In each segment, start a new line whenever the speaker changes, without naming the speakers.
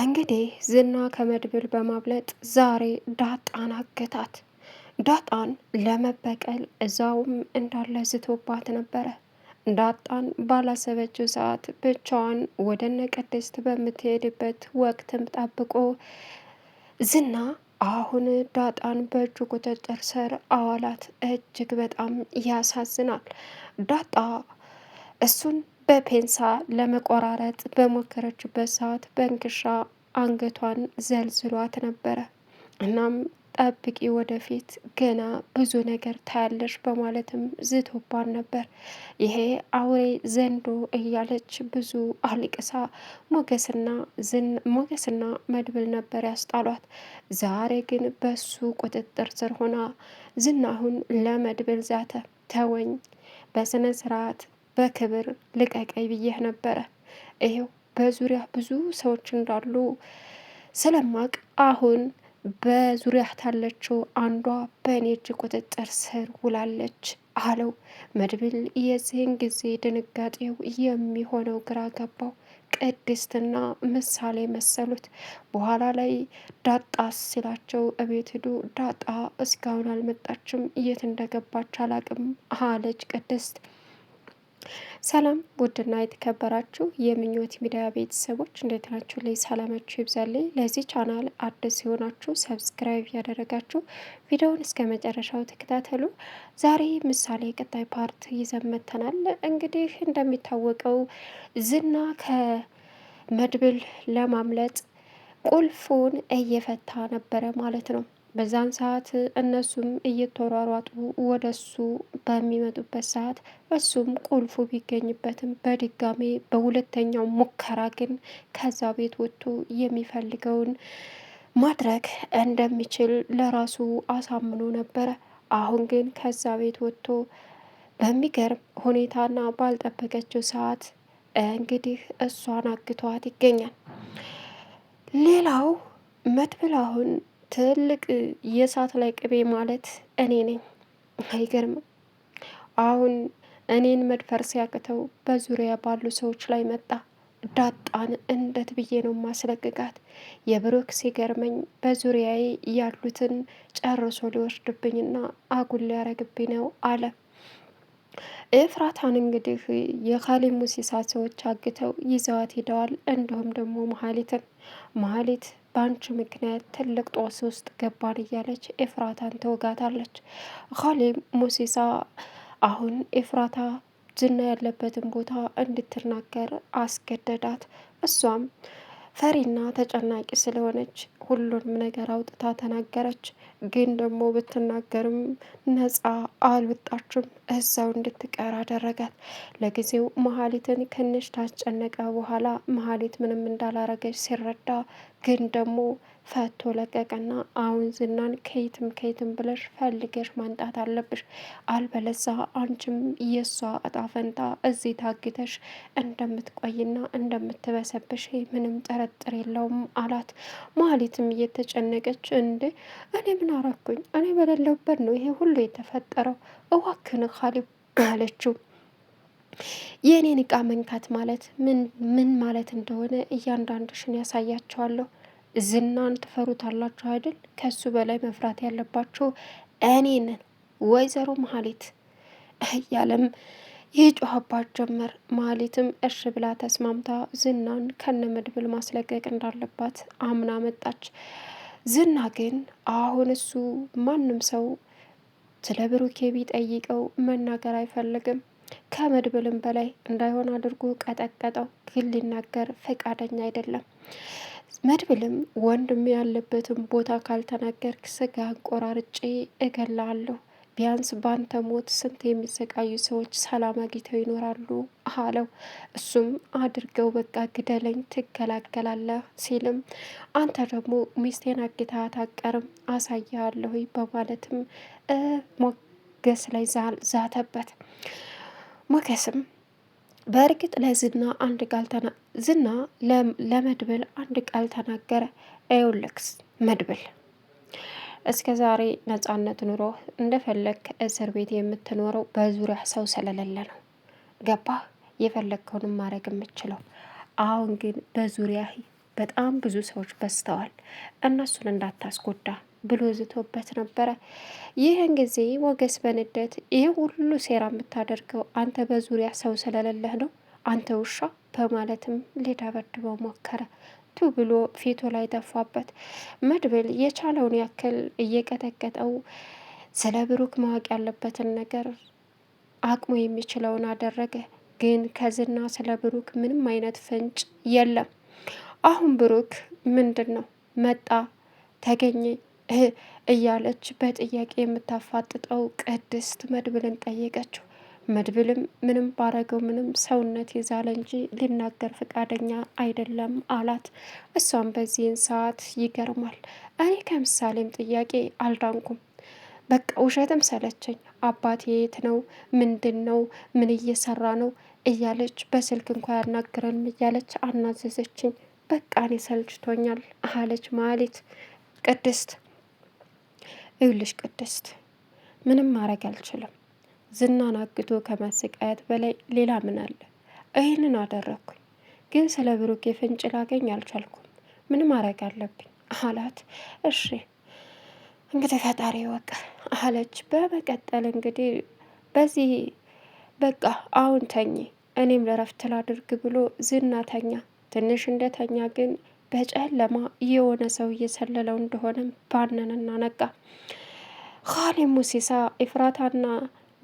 እንግዲህ ዝና ከመድብል በማብለጥ ዛሬ ዳጣን አገታት። ዳጣን ለመበቀል እዛውም እንዳለ ዝቶባት ነበረ። ዳጣን ባላሰበችው ሰዓት ብቻዋን ወደ ቅድስት በምትሄድበት ወቅትም ጠብቆ ዝና አሁን ዳጣን በእጁ ቁጥጥር ስር አዋላት። እጅግ በጣም ያሳዝናል። ዳጣ እሱን በፔንሳ ለመቆራረጥ በሞከረችበት ሰዓት በእንክሻ አንገቷን ዘልዝሏት ነበረ። እናም ጠብቂ ወደፊት ገና ብዙ ነገር ታያለሽ በማለትም ዝቶባን ነበር። ይሄ አውሬ ዘንዶ እያለች ብዙ አልቅሳ ሞገስና ዝን ሞገስና መድብል ነበር ያስጣሏት። ዛሬ ግን በሱ ቁጥጥር ስር ሆና ዝናሁን ለመድብል ዛተ። ተወኝ፣ በስነ ስርዓት በክብር ልቀቀኝ ብዬህ ነበረ። ይሄው በዙሪያ ብዙ ሰዎች እንዳሉ ስለማቅ አሁን በዙሪያ ታለችው አንዷ በእኔ እጅ ቁጥጥር ስር ውላለች አለው መድብል። የዚህን ጊዜ ድንጋጤው የሚሆነው ግራ ገባው። ቅድስትና ምሳሌ መሰሉት። በኋላ ላይ ዳጣ ሲላቸው እቤት ዳጣ እስካሁን አልመጣችም፣ የት እንደገባች አላቅም አለች ቅድስት። ሰላም ውድና የተከበራችሁ የምኞት ሚዲያ ቤተሰቦች እንዴት ናችሁ? ላይ ሰላማችሁ ይብዛልኝ። ለዚህ ቻናል አዲስ የሆናችሁ ሰብስክራይብ ያደረጋችሁ ቪዲዮውን እስከ መጨረሻው ተከታተሉ። ዛሬ ምሳሌ ቀጣይ ፓርት ይዘን መጥተናል። እንግዲህ እንደሚታወቀው ዝና ከመድብል ለማምለጥ ቁልፉን እየፈታ ነበረ ማለት ነው። በዛን ሰዓት እነሱም እየተሯሯጡ ወደ እሱ በሚመጡበት ሰዓት እሱም ቁልፉ ቢገኝበትም በድጋሜ በሁለተኛው ሙከራ ግን ከዛ ቤት ወጥቶ የሚፈልገውን ማድረግ እንደሚችል ለራሱ አሳምኖ ነበረ። አሁን ግን ከዛ ቤት ወጥቶ በሚገርም ሁኔታና ባልጠበቀችው ሰዓት እንግዲህ እሷን አግቷት ይገኛል። ሌላው መድብል አሁን ትልቅ የእሳት ላይ ቅቤ ማለት እኔ ነኝ። አይገርምም? አሁን እኔን መድፈር ሲያቅተው በዙሪያ ባሉ ሰዎች ላይ መጣ። ዳጣን እንዴት ብዬ ነው ማስለቅቃት? የብሩክ ሲገርመኝ በዙሪያዬ ያሉትን ጨርሶ ሊወስድብኝና አጉል ሊያረግብኝ ነው አለ። ኤፍራታን እንግዲህ የካሊሙሲሳ ሰዎች አግተው ይዘዋት ሄደዋል። እንዲሁም ደግሞ መሀሊትን መሀሊት በአንቺ ምክንያት ትልቅ ጦስ ውስጥ ገባን እያለች ኤፍራታን ትወጋታለች። ካሌብ ሙሴሳ አሁን ኤፍራታ ዝና ያለበትን ቦታ እንድትናገር አስገደዳት። እሷም ፈሪና ተጨናቂ ስለሆነች ሁሉንም ነገር አውጥታ ተናገረች። ግን ደግሞ ብትናገርም ነፃ አልወጣችም፣ እዛው እንድትቀር አደረጋት። ለጊዜው መሀሊትን ክንሽ ታስጨነቀ በኋላ መሀሊት ምንም እንዳላረገች ሲረዳ ግን ደግሞ ፈቶ ለቀቀና አሁን ዝናን ከየትም ከየትም ብለሽ ፈልገሽ ማንጣት አለብሽ፣ አልበለዛ አንቺም የእሷ እጣ ፈንታ እዚህ ታግተሽ እንደምትቆይና እንደምትበሰብሽ ምንም ጥርጥር የለውም አላት። ማሊትም እየተጨነቀች እንዴ እኔ ምን አረኩኝ? እኔ በሌለውበት ነው ይሄ ሁሉ የተፈጠረው፣ እዋክን ካሊብ አለችው። የእኔን እቃ መንካት ማለት ምን ምን ማለት እንደሆነ እያንዳንድሽን ያሳያቸዋለሁ ዝናን ትፈሩታላችሁ አይደል? ከሱ በላይ መፍራት ያለባችሁ እኔን ወይዘሮ መሀሌት እያለም ይጮህባት ጀመር። መሀሌትም እሽ ብላ ተስማምታ ዝናን ከነመድብል ማስለቀቅ እንዳለባት አምና መጣች። ዝና ግን አሁን እሱ ማንም ሰው ስለ ብሩኬ ቢጠይቀው መናገር አይፈልግም። ከመድብልም በላይ እንዳይሆን አድርጎ ቀጠቀጠው፣ ግን ሊናገር ፈቃደኛ አይደለም። መድብልም ወንድም ያለበትን ቦታ ካልተናገርክ ስጋን ቆራርጬ እገላለሁ። ቢያንስ ባንተ ሞት ስንት የሚሰቃዩ ሰዎች ሰላም አግኝተው ይኖራሉ አለው። እሱም አድርገው በቃ ግደለኝ ትገላገላለህ ሲልም አንተ ደግሞ ሚስቴን አግታ አታቀርም አሳያለሁ በማለትም ሞገስ ላይ ዛተበት። ሞገስም በእርግጥ ለዝና አንድ ቃል ዝና ለመድብል አንድ ቃል ተናገረ። ኤውልክስ መድብል እስከ ዛሬ ነጻነት ኑሮ እንደፈለግ እስር ቤት የምትኖረው በዙሪያ ሰው ስለሌለ ነው። ገባ የፈለግከውንም ማድረግ የምችለው አሁን ግን በዙሪያ በጣም ብዙ ሰዎች በዝተዋል። እነሱን እንዳታስጎዳ ብሎ ዝቶበት ነበረ። ይህን ጊዜ ሞገስ በንደት ይህ ሁሉ ሴራ የምታደርገው አንተ በዙሪያ ሰው ስለሌለህ ነው አንተ ውሻ በማለትም ሊደበድበው ሞከረ። ቱ ብሎ ፊቱ ላይ ተፋበት። መድብል የቻለውን ያክል እየቀጠቀጠው ስለ ብሩክ ማወቅ ያለበትን ነገር አቅሙ የሚችለውን አደረገ። ግን ከዝና ስለ ብሩክ ምንም አይነት ፍንጭ የለም። አሁን ብሩክ ምንድን ነው መጣ ተገኘ እያለች በጥያቄ የምታፋጥጠው ቅድስት መድብልን ጠየቀችው። መድብልም ምንም ባረገው ምንም ሰውነት ይዛል እንጂ ሊናገር ፈቃደኛ አይደለም አላት። እሷም በዚህን ሰዓት ይገርማል፣ እኔ ከምሳሌም ጥያቄ አልዳንኩም። በቃ ውሸትም ሰለቸኝ። አባቴ የት ነው? ምንድን ነው? ምን እየሰራ ነው? እያለች በስልክ እንኳ ያናግረንም እያለች አናዘዘችኝ። በቃ እኔ ሰልችቶኛል አለች ማለት ቅድስት ይኸውልሽ ቅድስት ምንም ማድረግ አልችልም። ዝናን አግቶ ከማሰቃየት በላይ ሌላ ምን አለ? ይህንን አደረግኩኝ፣ ግን ስለ ብሩኬ ፍንጭ ላገኝ አልቻልኩም። ምን ማድረግ አለብኝ አላት። እሺ እንግዲህ ፈጣሪ ወቀ አለች። በመቀጠል እንግዲህ በዚህ በቃ አሁን ተኚ፣ እኔም ለረፍት ላድርግ ብሎ ዝና ተኛ። ትንሽ እንደተኛ ግን በጨለማ የሆነ ሰው እየሰለለው እንደሆነም ባነንና ነቃ። ኻሊብ ሙሲሳ ኢፍራታና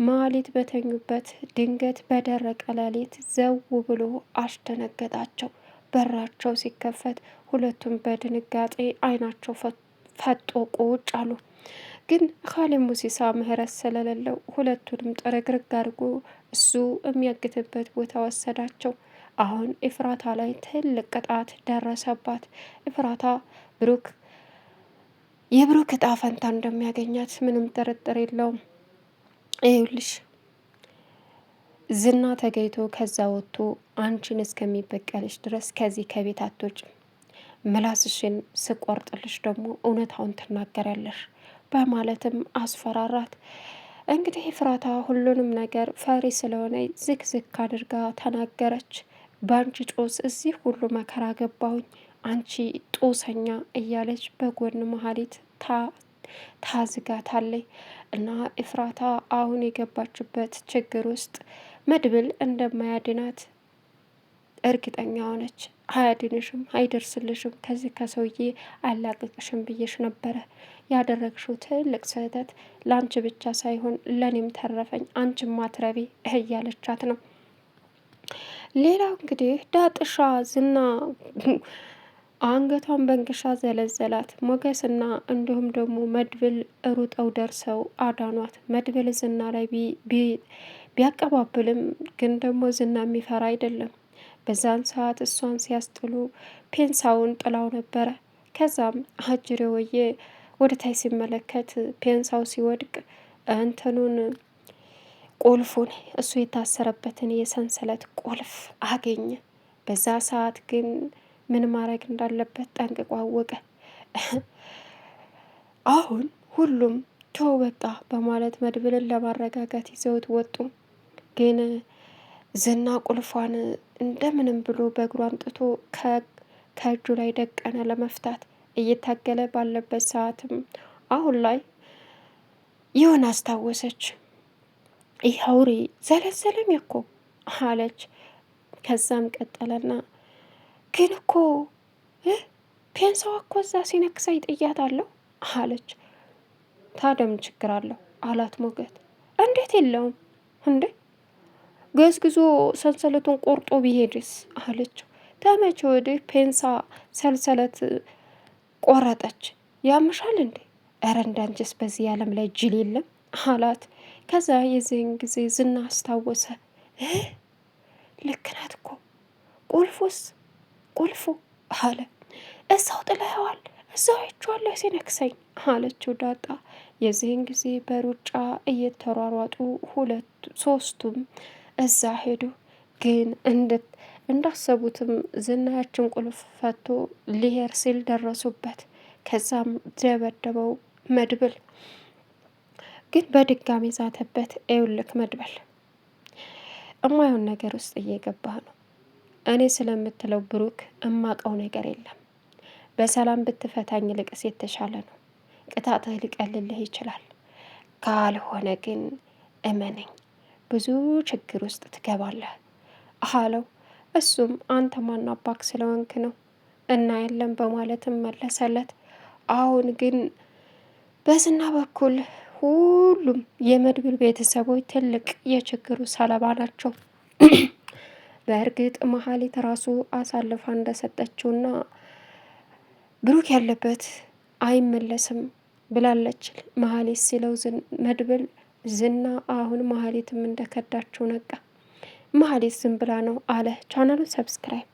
ማሊት በተኙበት ድንገት በደረቀ ሌሊት ዘው ብሎ አስደነገጣቸው። በራቸው ሲከፈት ሁለቱም በድንጋጤ አይናቸው ፈጦ ቁጭ አሉ። ግን ኻሊብ ሙሲሳ ምህረት ስለሌለው ሁለቱንም ጥርግርግ አድርጎ እሱ የሚያግትበት ቦታ ወሰዳቸው። አሁን ኤፍራታ ላይ ትልቅ ቅጣት ደረሰባት። ኤፍራታ ብሩክ የብሩክ እጣ ፈንታ እንደሚያገኛት ምንም ጥርጥር የለውም። ይኸውልሽ ዝና ተገይቶ ከዛ ወጥቶ አንቺን እስከሚበቀልሽ ድረስ ከዚህ ከቤት አትወጭም። ምላስሽን ስቆርጥልሽ ደግሞ እውነታውን ትናገራለሽ በማለትም አስፈራራት። እንግዲህ ኤፍራታ ሁሉንም ነገር ፈሪ ስለሆነ ዝግዝግ አድርጋ ተናገረች። በአንቺ ጦስ እዚህ ሁሉ መከራ ገባሁኝ፣ አንቺ ጦሰኛ እያለች በጎን መሀሊት ታዝጋታለች። እና ኤፍራታ አሁን የገባችበት ችግር ውስጥ መድብል እንደማያድናት እርግጠኛ ሆነች። አያድንሽም፣ አይደርስልሽም፣ ከዚህ ከሰውዬ አላቅቅሽም ብዬሽ ነበረ። ያደረግሽው ትልቅ ስህተት ለአንቺ ብቻ ሳይሆን ለእኔም ተረፈኝ፣ አንቺም ማትረቢ እያለቻት ነው ሌላው እንግዲህ ዳጥሻ ዝና አንገቷን በእንግሻ ዘለዘላት። ሞገስና እንዲሁም ደግሞ መድብል ሩጠው ደርሰው አዳኗት። መድብል ዝና ላይ ቢያቀባብልም ግን ደግሞ ዝና የሚፈራ አይደለም። በዛን ሰዓት እሷን ሲያስጥሉ ፔንሳውን ጥላው ነበረ። ከዛም አጅሬ ወዬ ወደ ታይ ሲመለከት ፔንሳው ሲወድቅ እንትኑን ቁልፉን እሱ የታሰረበትን የሰንሰለት ቁልፍ አገኘ። በዛ ሰዓት ግን ምን ማድረግ እንዳለበት ጠንቅቆ አወቀ። አሁን ሁሉም ተው በቃ በማለት መድብልን ለማረጋጋት ይዘውት ወጡ። ግን ዝና ቁልፏን እንደምንም ብሎ በእግሩ አምጥቶ ከእጁ ላይ ደቀነ ለመፍታት እየታገለ ባለበት ሰዓትም አሁን ላይ ይሆን አስታወሰች። ይህ አውሬ ዘለዘለኝ እኮ አለች። ከዛም ቀጠለና ግን እኮ ፔንሳዋ እኮ እዛ ሲነክሳይ ጥያት አለው አለች። ታዲያ ምን ችግር አለው አላት ሞገት። እንዴት የለውም እንዴ ገዝግዞ ሰንሰለቱን ቆርጦ ቢሄድስ አለችው። ተመቼ ወዲህ ፔንሳ ሰንሰለት ቆረጠች። ያምሻል እንዴ? እረ እንዳንችስ በዚህ ዓለም ላይ ጅል የለም አላት። ከዛ የዚህን ጊዜ ዝና አስታወሰ። ልክ ናት እኮ ቁልፉስ ቁልፉ አለ። እዛው ጥለኸዋል፣ እዛው አይቼዋለሁ ሲነክሰኝ አለችው ዳጣ። የዚህን ጊዜ በሩጫ እየተሯሯጡ ሁለቱ ሶስቱም እዛ ሄዱ። ግን እንዳሰቡትም ዝናያችን ቁልፍ ፈቶ ሊሄር ሲል ደረሱበት። ከዛም ደበደበው መድብል ግን በድጋሚ ዛተበት። ኤውልክ መድበል እማየውን ነገር ውስጥ እየገባህ ነው። እኔ ስለምትለው ብሩክ እማቀው ነገር የለም። በሰላም ብትፈታኝ ልቅስ የተሻለ ነው። ቅጣትህ ሊቀልልህ ይችላል። ካልሆነ ግን እመነኝ ብዙ ችግር ውስጥ ትገባለህ አለው። እሱም አንተ ማን አባክ ስለወንክ ነው እና የለም በማለትም መለሰለት። አሁን ግን በዝና በኩል ሁሉም የመድብል ቤተሰቦች ትልቅ የችግሩ ሰለባ ናቸው። በእርግጥ መሀሌት ራሱ አሳልፋ እንደሰጠችውና ብሩክ ያለበት አይመለስም ብላለች መሀሌት ሲለው መድብል ዝና አሁን መሀሌትም እንደከዳችው ነቃ። መሀሌት ዝም ብላ ነው አለ። ቻናሉን ሰብስክራይብ